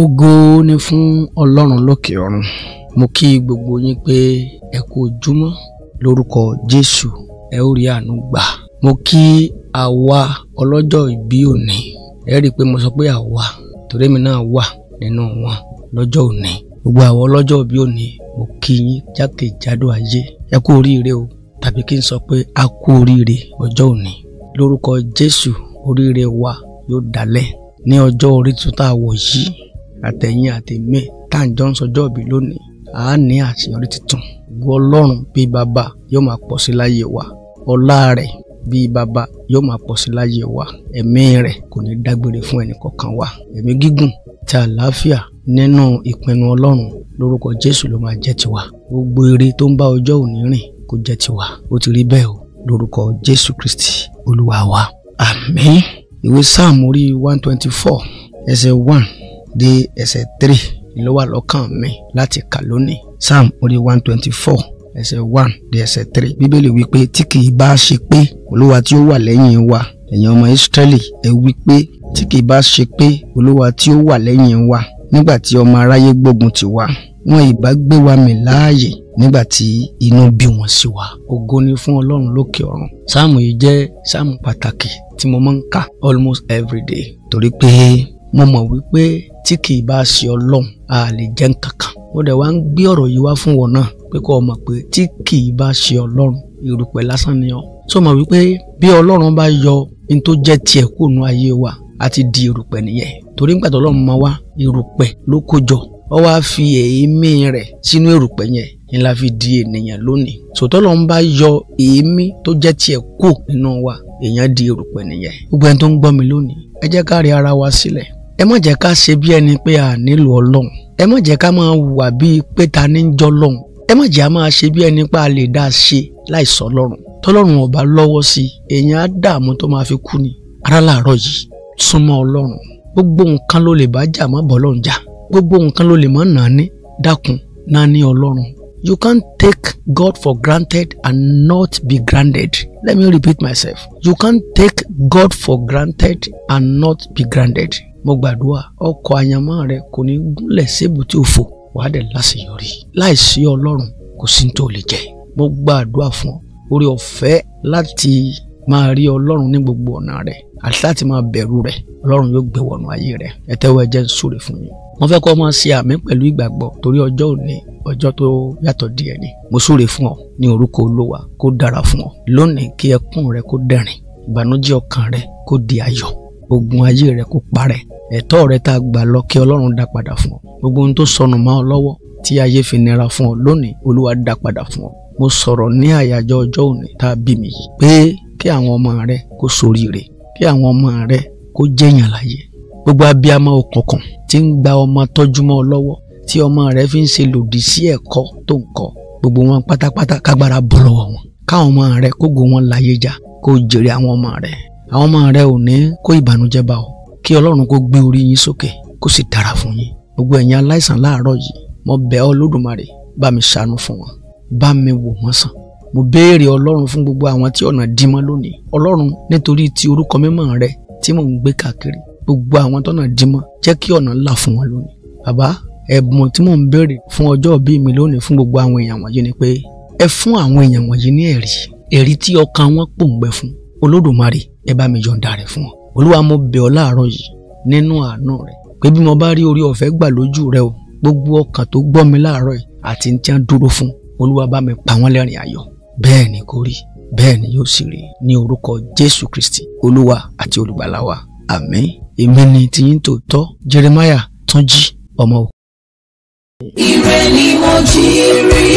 ògo ni fún ọlọ́run lókè ọ̀run mo kí gbogbo yín pé ẹ kú ojúmọ́ lórúkọ jésù ẹ ó rí àánú gbà mo kí àwa ọlọ́jọ́ ìbí òní ẹ rí i pé mo sọ pé àwa torí mi náà wà nínú wọn lọ́jọ́ òní gbogbo àwọn ọlọ́jọ́ ìbí òní mo kí yín jákèjádò ayé ẹ kú oríire o tàbí kí n sọ pé a kú oríire ọjọ́ òní lórúkọ jésù oríire wa yóò dálẹ̀ ní ọjọ́ orí tuntun tá yìí àtẹ̀yìn àtẹ̀mí tá à ń jọ ń sọjọ́ òbí lónìí a ní àṣeyọrí titun ògo ọlọ́run bíi bàbá yóò máa pọ̀ sí láyé wa ọlá rẹ̀ bíi bàbá yóò máa pọ̀ sí láyé wa ẹ̀mí rẹ̀ kò ní dágbére fún ẹnìkọ̀ọ̀kan wa ẹ̀mí gígùn ti àlàáfíà nínú ìpinnu ọlọ́run lórúkọ jésù ló máa jẹ́ tiwa gbogbo ire tó ń bá ọjọ́ òní rìn kó jẹ́ tiwa ó ti rí bẹ́ẹ̀ o lórúkọ jésù kristi olúwa wa àmín ìwé sáàmù orí one twenty four ẹsẹ̀ one dé ẹsẹ̀ three ló wà lọ́kàn mi láti kà lónìí psalm orí one twenty four ẹsẹ̀ one dé ẹsẹ̀ three bíbélì wípé tí kìí bá ṣe pé olúwa tí ó wà lẹ́yìn wa ẹ̀yin ọmọ israẹli ẹ wípé tí kìí bá ṣe pé olúwa tí ó wà lẹ́yìn wa nígbà tí ọmọ aráyé gbógun ti wa wọn ìbá gbé wa mì láàyè nígbà tí inú bí wọn sí wa ògo ni fún ọlọ́run lókè ọ̀run sáàmù yìí jẹ́ sáàmù pàtàkì tí mo máa ń kà almost every day torí pé mo mọ̀ wípé tí kì í bá ṣe ọlọ́run a lè jẹ́ nkankan mo dẹ̀ wá ń gbé ọ̀rọ̀ yìí wá fún wọn náà pé kó o mọ̀ pé tí kì í bá ṣe ọlọ́run ìrùpẹ̀ lásán ni ọ́ tó mọ̀ wípé bí ọlọ́run bá yọ ní tó jẹ́ tiẹ̀ kó nu ayé wa a ti di ìrùpẹ̀ nìyẹn torí nígbà tó ọlọ́run máa wá ìrùpẹ̀ ló kó jọ ó wá fi èémí rẹ̀ sínú ìrùpẹ̀ yẹn ni la fi di ènìyàn lónìí sòtọ́ lọ́n bá yọ èémí tó jẹ́ tiẹ̀ kó nínú wa èèyàn di ìrùpẹ̀ nìyẹn gbogbo ẹni tó ń gbọ́ mi lónìí ẹ jẹ́ ká rí ara wa sílẹ̀ ẹ má jẹ́ ká ṣe bí ẹni pé a nílò ọlọ́run ẹ má jẹ́ ká máa wà bíi pé ta ní ń lọ́run ẹ má jẹ́ a máa ṣe bí ẹni pé a lè dá a ṣe láìsọ lọ́run tọ́lọ́run ọba lọ́wọ́ sí èèyàn á dààmú tó máa fi kú ni ara làárọ̀ yìí súnmọ́ ọlọ́run gbogbo nǹkan ló lè bá jà má bọ́ lọ́run jà gbogbo nǹkan ló lè má nà ní dákun náà ní ọlọ́run You can't take God for granted and not be granted. Let me repeat myself. You can't take God for granted and not be granted mo gbàdúrà ọkọ̀ àyànmọ́ rẹ kò ní gúnlẹ̀ sébùtì òfò wàá dẹ̀ láṣeyọrí láìsí ọlọ́run kò sí tó lè jẹ́ mo gbàdúrà fún ọ orí ọ̀fẹ́ láti máa rí ọlọ́run ní gbogbo ọ̀nà rẹ àti láti máa bẹ̀rù rẹ ọlọ́run yóò gbé wọnú ayé rẹ ẹ tẹ́wọ́ ẹ jẹ́ ń súre fún yín wọ́n fẹ́ kọ́ máa ṣe àmì pẹ̀lú ìgbàgbọ́ torí ọjọ́ òní ọjọ́ tó yàtọ̀ díẹ̀ ni mo súre fún ọ ní orúkọ olówa kó dára fún ọ lónìí kí ẹkún rẹ kó dẹ̀rìn ìbànújẹ́ ọkàn rẹ kó di ayọ̀ ogun ayé rẹ kó parẹ́ ẹ̀tọ́ rẹ tá a gbà lọ kí Ọlọ́run dá padà fún ọ gbogbo ohun tó sọnù mọ́ ọ lọ́wọ́ tí ayé fi nira fún ọ lónìí Olúwa dá padà fún ọ mo sọ̀rọ̀ ní àyájọ́ ọjọ́ òní tá a bí mi yìí pé kí àwọn ọmọ rẹ kó ṣoríire kí àwọn ọmọ rẹ kó jẹyàn láyé gbogbo abiyamọ òkọ̀ọ̀kan tí ń gba ọmọ tọ́júmọ́ lọ́wọ́ tí ọmọ rẹ fi ń ṣe lòdì sí ẹ̀kọ́ tó ń kọ́ gbogbo wọn pátápátá kágbára bọ́ lọ́wọ́ wọn káwọn ọmọ rẹ kó gò wọn láyé já kó jèrè àwọn ọmọ rẹ àwọn ọmọ rẹ ò ní kó ìbànújẹ́ bá ọ kí ọlọ́run kó gbé orí yín sókè kó sì dára fún yín gbogbo ẹ̀yin aláìsàn láàárọ̀ yìí mo bẹ̀ ọ́ lódùmarè bá mi ṣàánú fún wọn bá mi wò wọ́n sàn mo béèrè ọlọ́run fún gbogbo àwọn tí ọ̀nà dí mọ́ lónìí ọlọ́run nítorí ti orúkọ mímọ́ rẹ tí mò ń gbé káàkiri gbogbo àwọn tọ́nà dí mọ́ jẹ́ kí ọ̀nà là fún wọn lónìí bàbá ẹ̀bùn tí mò ń béèrè fún ọjọ́ bíi mi lónìí fún gbogbo àwọn èèyàn wọ̀nyí ni pé ẹ fún àwọn èèyàn wọ̀nyí ní ẹ̀rí ẹ̀rí tí ọkàn wọn pòǹgbẹ fún olódùmarè ẹ bá mi yọ̀ǹda rẹ̀ fún wọn olúwa mo bẹ̀ ọ́ láàárọ̀ yìí nínú àánú rẹ̀ pé bí mo bá rí orí ọ̀fẹ́ gbà lójú rẹ o gbogbo ọkàn tó gbọ́ mi láàárọ̀ yìí àti ní tí wọ́n dúró fún olúwa bá mi pa wọ́n lẹ́rìn ayọ̀ bẹ́ẹ̀ ni kò rí bẹ́ẹ̀ ni yóò sì rí ní orúkọ jésù kristi olúwa àti olùgbàlà wa àmín èmi ni tiyín tòótọ́ jeremiah tún jí ọmọ o. ni mo jí rí.